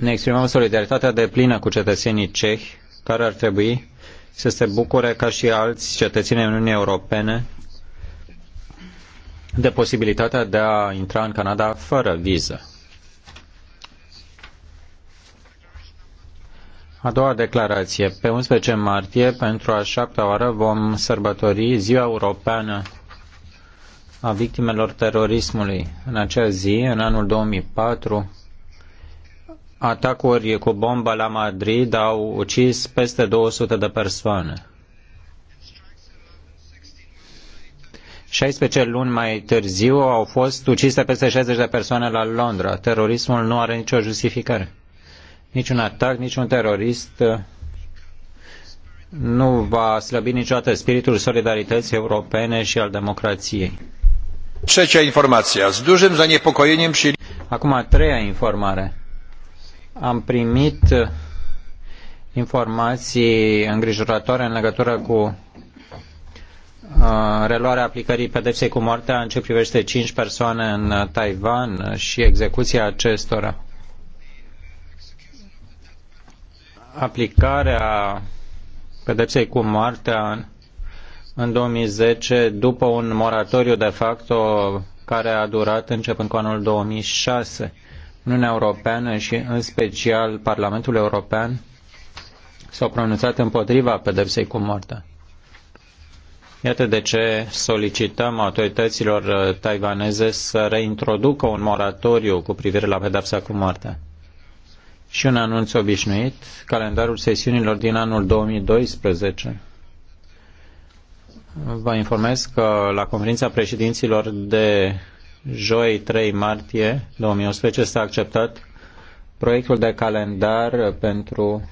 ne exprimăm solidaritatea de plină cu cetățenii cehi care ar trebui să se bucure ca și alți cetățenii Uniunii Europene de posibilitatea de a intra în Canada fără viză. A doua declarație. Pe 11 martie, pentru a șaptea oară, vom sărbători Ziua Europeană a Victimelor Terorismului. În acea zi, în anul 2004, atacuri cu bombă la Madrid au ucis peste 200 de persoane. 16 luni mai târziu au fost ucise peste 60 de persoane la Londra. Terorismul nu are nicio justificare. Niciun atac, niciun terorist uh, nu va slăbi niciodată spiritul solidarității europene și al democrației. Trzecia informație. Z dużym zaniepokojeniem Acum a treia informare am primit uh, informații îngrijorătoare în legătură cu uh, reluarea aplicării pedepsei cu moartea în ce privește cinci persoane în Taiwan și execuția acestora. Aplicarea pedepsei cu moartea în 2010 după un moratoriu de facto care a durat începând cu anul 2006. Uniunea Europeană și în special Parlamentul European s-au pronunțat împotriva pedepsei cu moartea. Iată de ce solicităm autorităților uh, taiwaneze să reintroducă un moratoriu cu privire la pedepsa cu moartea. Și un anunț obișnuit, calendarul sesiunilor din anul 2012 Vă informez că la conferința președinților de joi 3 martie 2011 s-a acceptat proiectul de calendar pentru